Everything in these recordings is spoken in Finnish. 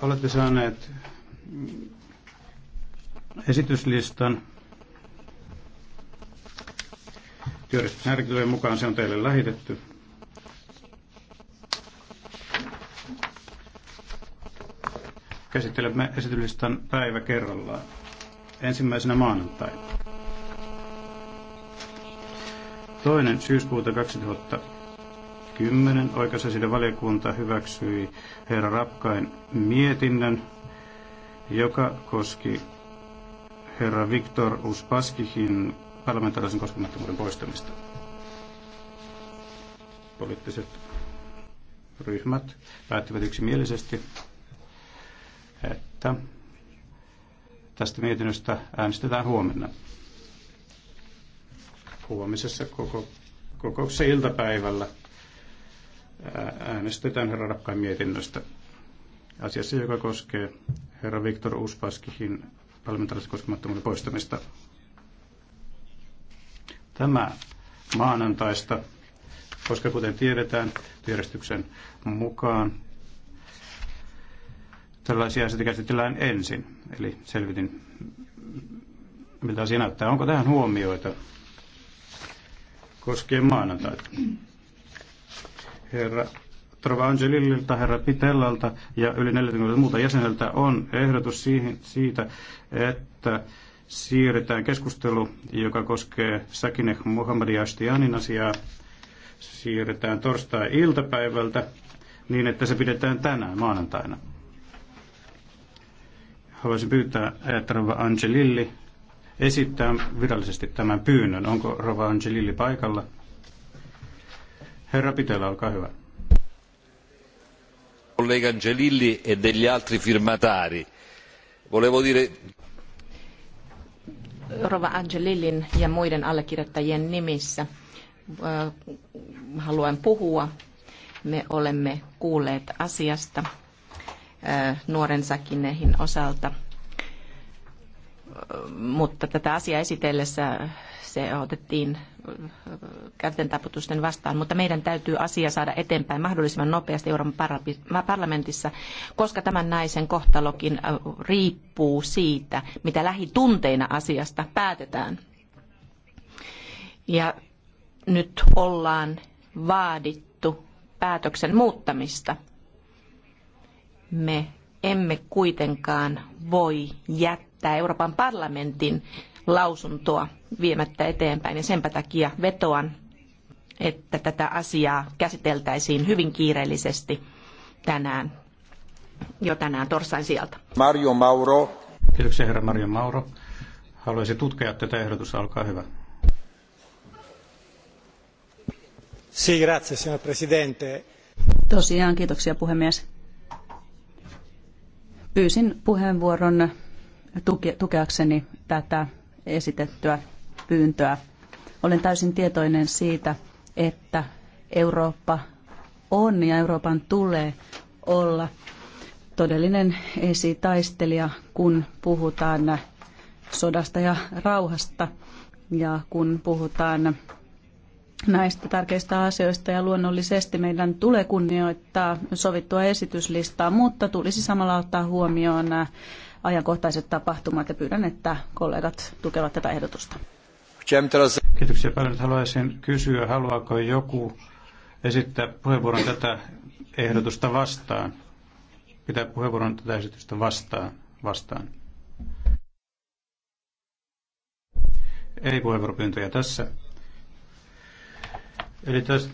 Olette saaneet esityslistan. Työjärjestyksen mukaan se on teille lähetetty. Käsittelemme esityslistan päivä kerrallaan. Ensimmäisenä maanantai. Toinen syyskuuta 2000. 2010 oikeusasioiden valiokunta hyväksyi herra Rapkain mietinnön, joka koski herra Viktor Uspaskihin parlamentaarisen koskemattomuuden poistamista. Poliittiset ryhmät päättivät yksimielisesti, että tästä mietinnöstä äänestetään huomenna. Huomisessa koko, kokouksessa iltapäivällä äänestetään herra Rapkain mietinnöstä asiassa, joka koskee herra Viktor Uspaskihin parlamentaarisen koskemattomuuden poistamista. Tämä maanantaista, koska kuten tiedetään järjestyksen mukaan, tällaisia asioita käsitellään ensin. Eli selvitin, miltä asia näyttää. Onko tähän huomioita koskien maanantaita? herra Trova Angelillilta, herra Pitellalta ja yli 40 muuta jäseneltä on ehdotus siihen, siitä, että siirretään keskustelu, joka koskee Sakineh Muhammadia Ashtianin asiaa, siirretään torstai-iltapäivältä niin, että se pidetään tänään maanantaina. Haluaisin pyytää, että Rova Angelilli esittää virallisesti tämän pyynnön. Onko Rova Angelilli paikalla? Herra Pitela, olkaa hyvä. Collega Angelilli e degli altri firmatari. Volevo dire... Rova Angelillin ja muiden allekirjoittajien nimissä äh, haluan puhua. Me olemme kuulleet asiasta äh, nuoren säkineihin osalta äh, mutta tätä asiaa esitellessä se otettiin taputusten vastaan, mutta meidän täytyy asia saada eteenpäin mahdollisimman nopeasti Euroopan parlamentissa, koska tämän naisen kohtalokin äh, riippuu siitä, mitä lähitunteina asiasta päätetään. Ja nyt ollaan vaadittu päätöksen muuttamista. Me emme kuitenkaan voi jättää Euroopan parlamentin lausuntoa viemättä eteenpäin. Ja senpä takia vetoan, että tätä asiaa käsiteltäisiin hyvin kiireellisesti tänään, jo tänään torstain sieltä. Mario Mauro. Kiitoksia herra Mario Mauro. Haluaisi tutkia tätä ehdotusta, olkaa hyvä. Si, grazie, signor Presidente. Tosiaan, kiitoksia puhemies. Pyysin puheenvuoron tukeakseni tätä esitettyä pyyntöä. Olen täysin tietoinen siitä, että Eurooppa on ja Euroopan tulee olla todellinen esitaistelija, kun puhutaan sodasta ja rauhasta ja kun puhutaan näistä tärkeistä asioista ja luonnollisesti meidän tulee kunnioittaa sovittua esityslistaa, mutta tulisi samalla ottaa huomioon äh, ajankohtaiset tapahtumat ja pyydän, että kollegat tukevat tätä ehdotusta. Kiitoksia paljon. Haluaisin kysyä, haluaako joku esittää puheenvuoron tätä ehdotusta vastaan? Pitää puheenvuoron tätä esitystä vastaan. vastaan. Ei puheenvuoropyyntöjä tässä. Eli tästä,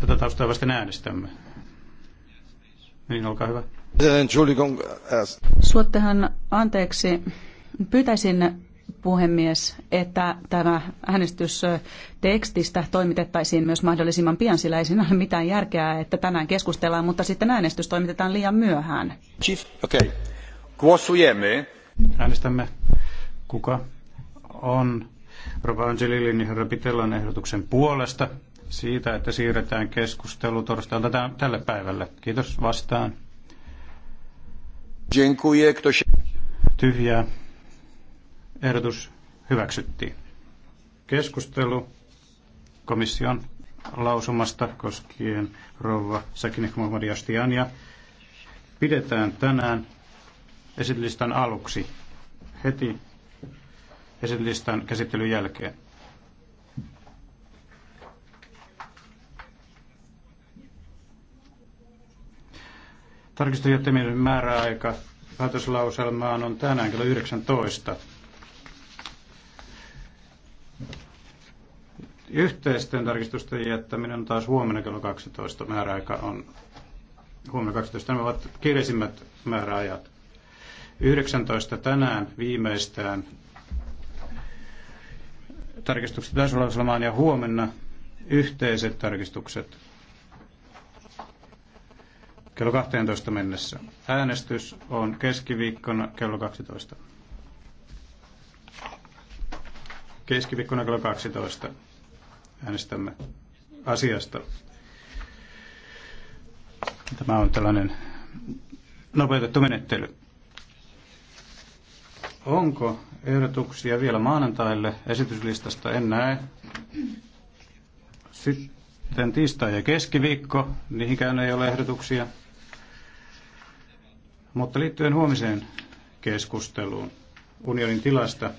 tätä taustaa vasten äänestämme. Niin, olkaa hyvä. Suottehan anteeksi. Pyytäisin puhemies, että tämä äänestys tekstistä toimitettaisiin myös mahdollisimman pian, sillä ei siinä ole mitään järkeä, että tänään keskustellaan, mutta sitten äänestys toimitetaan liian myöhään. Chief, okay. Kuosujemme. Äänestämme, kuka on Rova Angelilin ja herra Pitellan ehdotuksen puolesta siitä, että siirretään keskustelu torstailta tälle päivälle. Kiitos vastaan. Tyhjää. Ehdotus hyväksyttiin. Keskustelu komission lausumasta koskien rouva Sakinehmohammadi ja pidetään tänään esitlistan aluksi heti esitlistan käsittelyn jälkeen. Tarkistujättämisen määräaika päätöslauselmaan on tänään kello 19. Yhteisten tarkistusten jättäminen on taas huomenna kello 12. Määräaika on huomenna 12. Nämä ovat kiireisimmät määräajat. 19 tänään viimeistään tarkistukset päätöslauselmaan ja huomenna yhteiset tarkistukset kello 12 mennessä. Äänestys on keskiviikkona kello 12. Keskiviikkona kello 12 äänestämme asiasta. Tämä on tällainen nopeutettu menettely. Onko ehdotuksia vielä maanantaille esityslistasta? En näe. Sitten tiistai ja keskiviikko, niihinkään ei ole ehdotuksia. Mutta liittyen huomiseen keskusteluun unionin tilasta,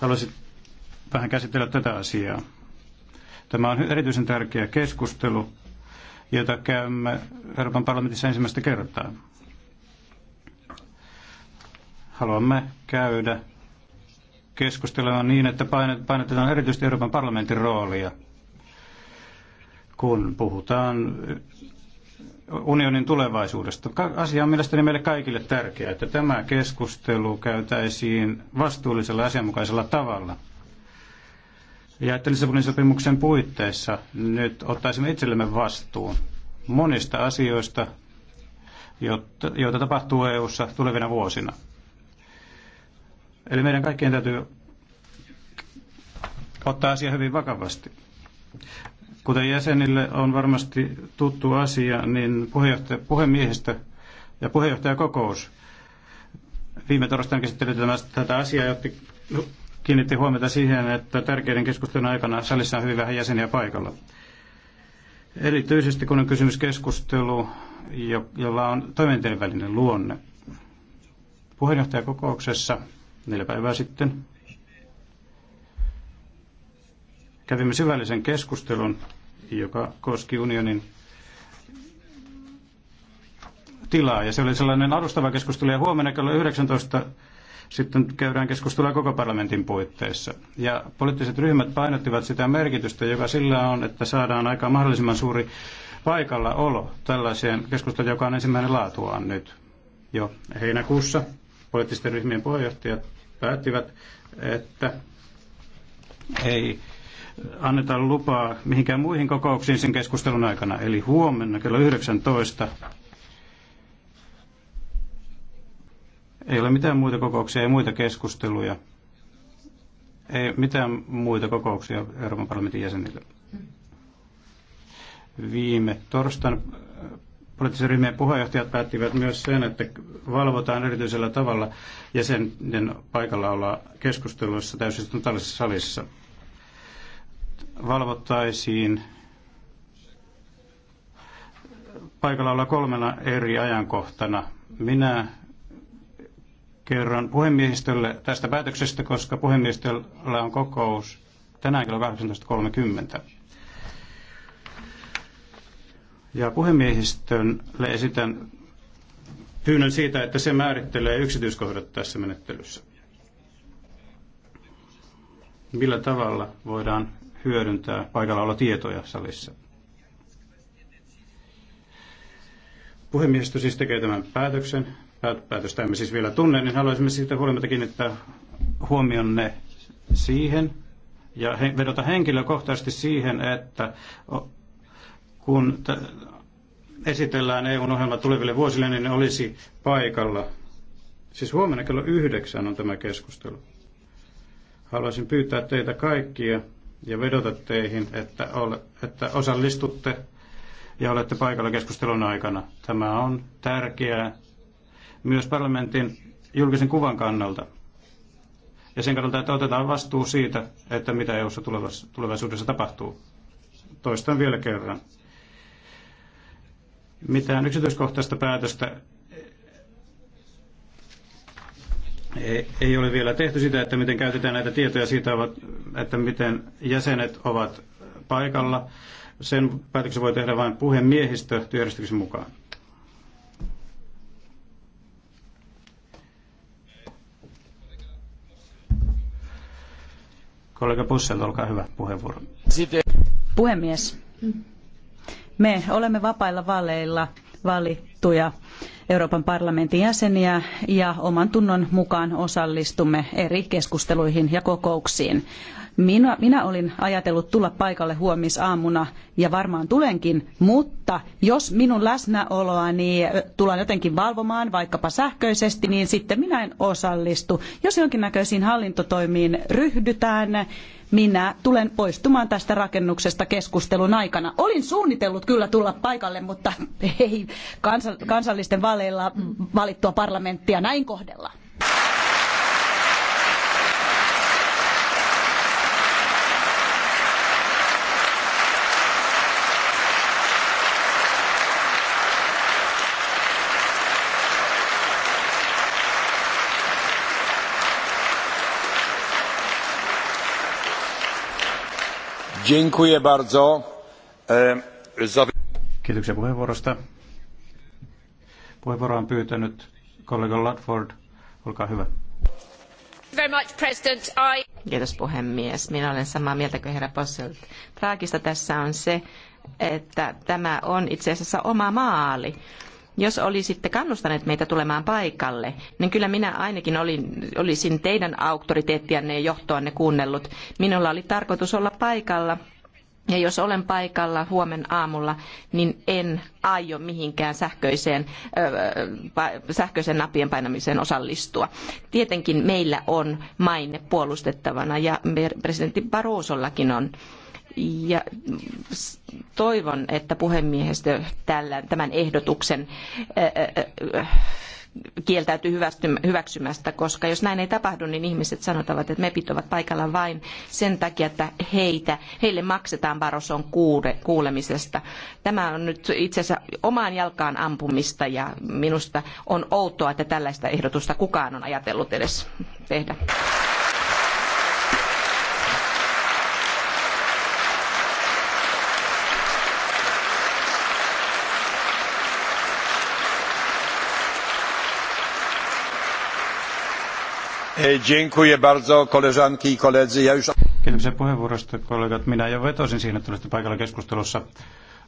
haluaisin vähän käsitellä tätä asiaa. Tämä on erityisen tärkeä keskustelu, jota käymme Euroopan parlamentissa ensimmäistä kertaa. Haluamme käydä keskustelemaan niin, että painotetaan erityisesti Euroopan parlamentin roolia, kun puhutaan unionin tulevaisuudesta. Asia on mielestäni meille kaikille tärkeää, että tämä keskustelu käytäisiin vastuullisella asianmukaisella tavalla. Ja että Lissabonin sopimuksen puitteissa nyt ottaisimme itsellemme vastuun monista asioista, joita tapahtuu EU-ssa tulevina vuosina. Eli meidän kaikkien täytyy ottaa asia hyvin vakavasti. Kuten jäsenille on varmasti tuttu asia, niin puheenjohtaja, puhemiehistä ja puheenjohtajakokous viime torstaina käsitteli tätä asiaa ja no, kiinnitti huomiota siihen, että tärkeiden keskustelun aikana salissa on hyvin vähän jäseniä paikalla. Erityisesti kun on kysymys keskustelu, jolla on toimintavälinen välinen luonne. Puheenjohtajakokouksessa neljä päivää sitten kävimme syvällisen keskustelun joka koski unionin tilaa. Ja se oli sellainen alustava keskustelu. Ja huomenna kello 19 sitten käydään keskustelua koko parlamentin puitteissa. Ja poliittiset ryhmät painottivat sitä merkitystä, joka sillä on, että saadaan aika mahdollisimman suuri olo tällaiseen keskusteluun, joka on ensimmäinen laatuaan nyt. Jo heinäkuussa poliittisten ryhmien puheenjohtajat päättivät, että ei anneta lupaa mihinkään muihin kokouksiin sen keskustelun aikana. Eli huomenna kello 19 ei ole mitään muita kokouksia, ei muita keskusteluja, ei mitään muita kokouksia Euroopan parlamentin jäsenille. Viime torstaina äh, poliittisen ryhmien puheenjohtajat päättivät myös sen, että valvotaan erityisellä tavalla jäsenten olla keskusteluissa täysistuntosalissa salissa valvottaisiin paikalla olla kolmena eri ajankohtana. Minä kerron puhemiehistölle tästä päätöksestä, koska puhemiehistöllä on kokous tänään kello 18.30. Ja puhemiehistölle esitän pyynnön siitä, että se määrittelee yksityiskohdat tässä menettelyssä. Millä tavalla voidaan hyödyntää tietoja salissa. Puhemiehistö siis tekee tämän päätöksen. Päätöstä emme siis vielä tunne, niin haluaisimme siitä huolimatta kiinnittää huomionne siihen ja vedota henkilökohtaisesti siihen, että kun esitellään eu ohjelma tuleville vuosille, niin ne olisi paikalla. Siis huomenna kello yhdeksän on tämä keskustelu. Haluaisin pyytää teitä kaikkia ja vedota teihin, että, ole, että osallistutte ja olette paikalla keskustelun aikana. Tämä on tärkeää myös parlamentin julkisen kuvan kannalta. Ja sen kannalta, että otetaan vastuu siitä, että mitä EU-ssa tulevaisuudessa tapahtuu. Toistan vielä kerran. Mitään yksityiskohtaista päätöstä ei, ei ole vielä tehty sitä, että miten käytetään näitä tietoja siitä, että miten jäsenet ovat paikalla. Sen päätöksen voi tehdä vain puhemiehistö työjärjestyksen mukaan. Kollega Pussel, olkaa hyvä puheenvuoro. Puhemies, me olemme vapailla valeilla valittuja Euroopan parlamentin jäseniä ja oman tunnon mukaan osallistumme eri keskusteluihin ja kokouksiin. Minä, minä olin ajatellut tulla paikalle huomisaamuna ja varmaan tulenkin, mutta jos minun läsnäoloani tullaan jotenkin valvomaan vaikkapa sähköisesti, niin sitten minä en osallistu. Jos jonkinnäköisiin hallintotoimiin ryhdytään, minä tulen poistumaan tästä rakennuksesta keskustelun aikana. Olin suunnitellut kyllä tulla paikalle, mutta ei kansallisten vaaleilla valittua parlamenttia näin kohdella. E, Kiitoksia puheenvuorosta. Puheenvuoroa on pyytänyt kollega Ludford. Olkaa hyvä. Kiitos puhemies. Minä olen samaa mieltä kuin herra Posselt. Traagista tässä on se, että tämä on itse asiassa oma maali jos olisitte kannustaneet meitä tulemaan paikalle, niin kyllä minä ainakin olin, olisin teidän auktoriteettianne ja johtoanne kuunnellut. Minulla oli tarkoitus olla paikalla ja jos olen paikalla huomen aamulla, niin en aio mihinkään sähköiseen, sähköisen napien painamiseen osallistua. Tietenkin meillä on maine puolustettavana ja presidentti Barrosollakin on ja toivon, että puhemiehistö tämän ehdotuksen kieltäytyy hyväksymästä, koska jos näin ei tapahdu, niin ihmiset sanotavat, että mepit ovat paikalla vain sen takia, että heitä, heille maksetaan Baroson kuulemisesta. Tämä on nyt itse asiassa omaan jalkaan ampumista ja minusta on outoa, että tällaista ehdotusta kukaan on ajatellut edes tehdä. Dziękuję bardzo, Kiitoksia puheenvuorosta, kollegat. Minä jo vetosin siinä, että olisitte paikalla keskustelussa,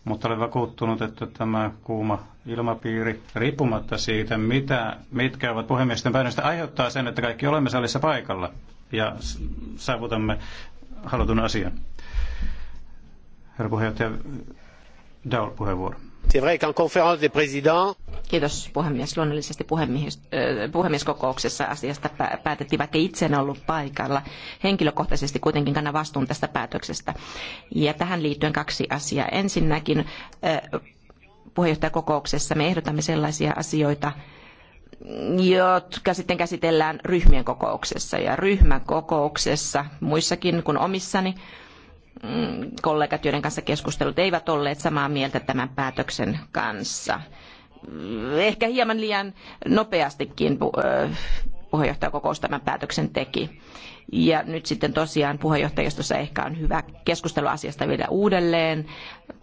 mutta olen vakuuttunut, että tämä kuuma ilmapiiri, riippumatta siitä, mitä, mitkä ovat puhemiesten päätöstä, aiheuttaa sen, että kaikki olemme salissa paikalla ja saavutamme halutun asian. Herra puheenjohtaja, Daul puheenvuoro. C'est vrai qu'en conférence des présidents, Kiitos puhemies. Luonnollisesti puhemies, äh, puhemieskokouksessa asiasta päätettiin, vaikka itse en ollut paikalla. Henkilökohtaisesti kuitenkin kannan vastuun tästä päätöksestä. Ja tähän liittyen kaksi asiaa. Ensinnäkin äh, puheenjohtajakokouksessa me ehdotamme sellaisia asioita, jotka sitten käsitellään ryhmien kokouksessa. Ja ryhmän kokouksessa, muissakin kuin omissani, mm, kollegat, joiden kanssa keskustelut eivät olleet samaa mieltä tämän päätöksen kanssa ehkä hieman liian nopeastikin puheenjohtajakokous tämän päätöksen teki. Ja nyt sitten tosiaan puheenjohtajistossa ehkä on hyvä keskustella asiasta vielä uudelleen.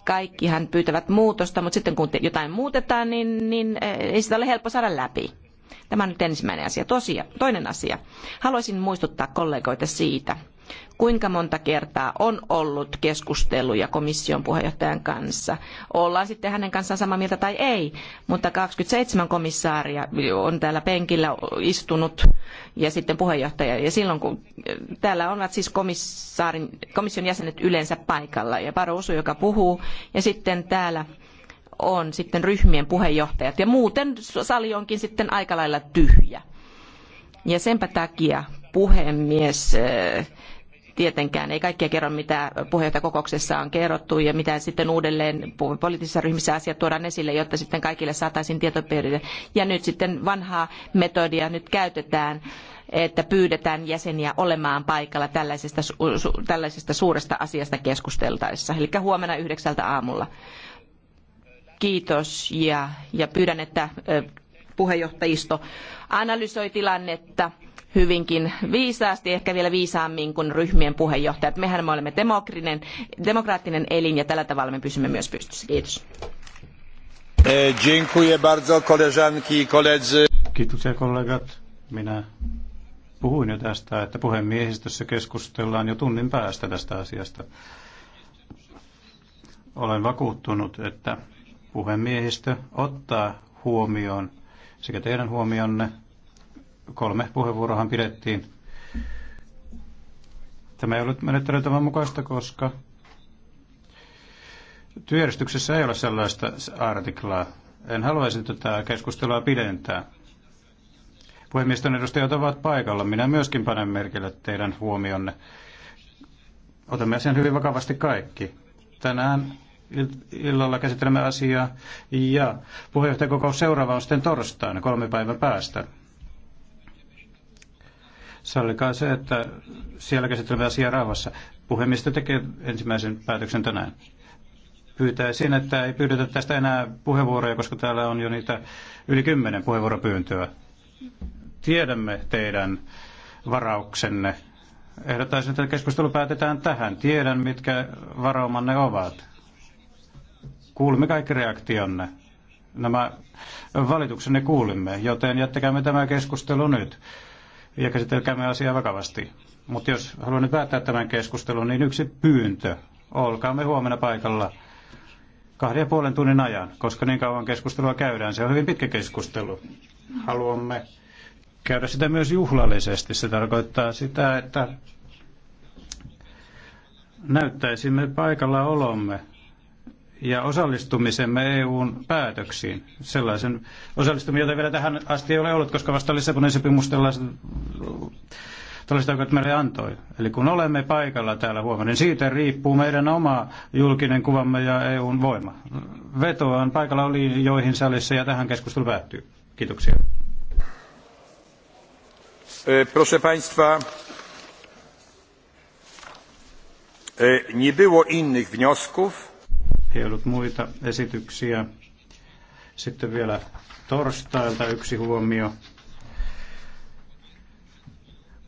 Kaikkihan pyytävät muutosta, mutta sitten kun jotain muutetaan, niin, niin ei sitä ole helppo saada läpi. Tämä on nyt ensimmäinen asia. Tosia, toinen asia. Haluaisin muistuttaa kollegoita siitä, kuinka monta kertaa on ollut keskusteluja komission puheenjohtajan kanssa. Ollaan sitten hänen kanssaan samaa mieltä tai ei, mutta 27 komissaaria on täällä penkillä istunut ja sitten puheenjohtaja. Ja silloin kun täällä ovat siis komission jäsenet yleensä paikalla ja Barroso, joka puhuu, ja sitten täällä on sitten ryhmien puheenjohtajat ja muuten sali onkin sitten aika lailla tyhjä. Ja senpä takia puhemies äh, tietenkään ei kaikkea kerro, mitä puheenjohtajakokouksessa on kerrottu ja mitä sitten uudelleen poliittisissa ryhmissä asiat tuodaan esille, jotta sitten kaikille saataisiin tietoperille. Ja nyt sitten vanhaa metodia nyt käytetään että pyydetään jäseniä olemaan paikalla tällaisesta, tällaisesta suuresta asiasta keskusteltaessa, eli huomenna yhdeksältä aamulla. Kiitos ja, ja pyydän, että puheenjohtajisto analysoi tilannetta hyvinkin viisaasti, ehkä vielä viisaammin kuin ryhmien puheenjohtajat. Mehän me olemme demokraattinen, elin ja tällä tavalla me pysymme myös pystyssä. Kiitos. E, Kiitoksia kollegat. Minä puhuin jo tästä, että puhemiehistössä keskustellaan jo tunnin päästä tästä asiasta. Olen vakuuttunut, että puhemiehistö ottaa huomioon sekä teidän huomionne Kolme puheenvuoroahan pidettiin. Tämä ei ollut menettelytavan mukaista, koska työjärjestyksessä ei ole sellaista artiklaa. En haluaisi tätä keskustelua pidentää. Puhemiesten edustajat ovat paikalla. Minä myöskin panen merkille teidän huomionne. Otamme asian hyvin vakavasti kaikki. Tänään illalla käsittelemme asiaa ja puheenjohtajakokous seuraava on sitten torstaina kolme päivän päästä. Sallikaa se, että siellä käsittelemme asiaa rauhassa. Puhemiestä tekee ensimmäisen päätöksen tänään. Pyytäisin, että ei pyydetä tästä enää puheenvuoroja, koska täällä on jo niitä yli kymmenen puheenvuoropyyntöä. Tiedämme teidän varauksenne. Ehdottaisin, että keskustelu päätetään tähän. Tiedän, mitkä varaumanne ovat. Kuulimme kaikki reaktionne nämä valituksenne kuulimme, joten jättäkäämme tämä keskustelu nyt ja käsitelkäämme asiaa vakavasti. Mutta jos haluan nyt päättää tämän keskustelun, niin yksi pyyntö. Olkaamme huomenna paikalla kahden ja puolen tunnin ajan, koska niin kauan keskustelua käydään. Se on hyvin pitkä keskustelu. Haluamme käydä sitä myös juhlallisesti. Se tarkoittaa sitä, että näyttäisimme paikalla olomme ja osallistumisemme EUn päätöksiin. Sellaisen osallistumisen, jota vielä tähän asti ei ole ollut, koska vasta Lissabonin sopimus tällaiset oikeudet meille antoi. Eli kun olemme paikalla täällä huomenna, niin siitä riippuu meidän oma julkinen kuvamme ja EUn voima. Vetoan paikalla oli joihin salissa ja tähän keskustelu päättyy. Kiitoksia. E, proszę Państwa, e, nie było innych wniosków ei ollut muita esityksiä. Sitten vielä torstailta yksi huomio.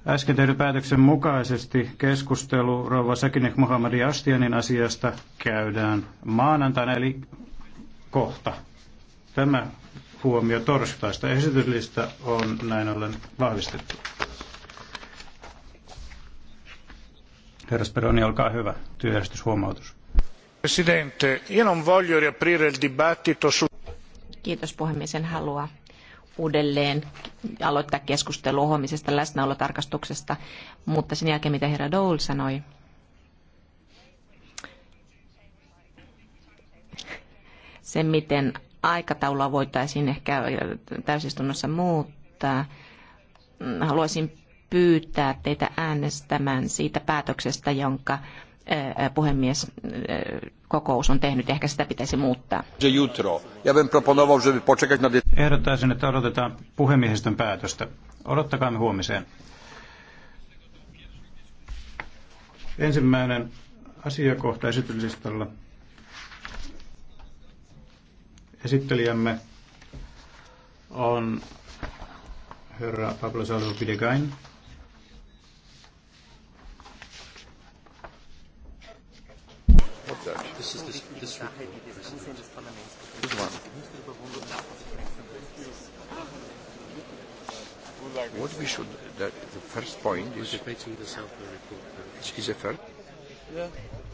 Äsken tehdyn päätöksen mukaisesti keskustelu rouva Sakinek Mohammadin Astianin asiasta käydään maanantaina, eli kohta. Tämä huomio torstaista esityslista on näin ollen vahvistettu. Herra Speroni, olkaa hyvä. Työjärjestyshuomautus. Presidente, io non voglio riaprire il dibattito su... Kiitos puhemies, en halua uudelleen aloittaa keskustelua huomisesta läsnäolotarkastuksesta, mutta sen jälkeen mitä herra Dole sanoi, se miten aikataulua voitaisiin ehkä täysistunnossa muuttaa, haluaisin pyytää teitä äänestämään siitä päätöksestä, jonka puhemies kokous on tehnyt. Ehkä sitä pitäisi muuttaa. Ehdottaisin, että odotetaan puhemiehistön päätöstä. Odottakaamme huomiseen. Ensimmäinen asiakohta esityslistalla. Esittelijämme on herra Pablo Salvo Pidegain. this is this, this report. What we should, the, the first point is... Debating the report. Is a first? Yeah.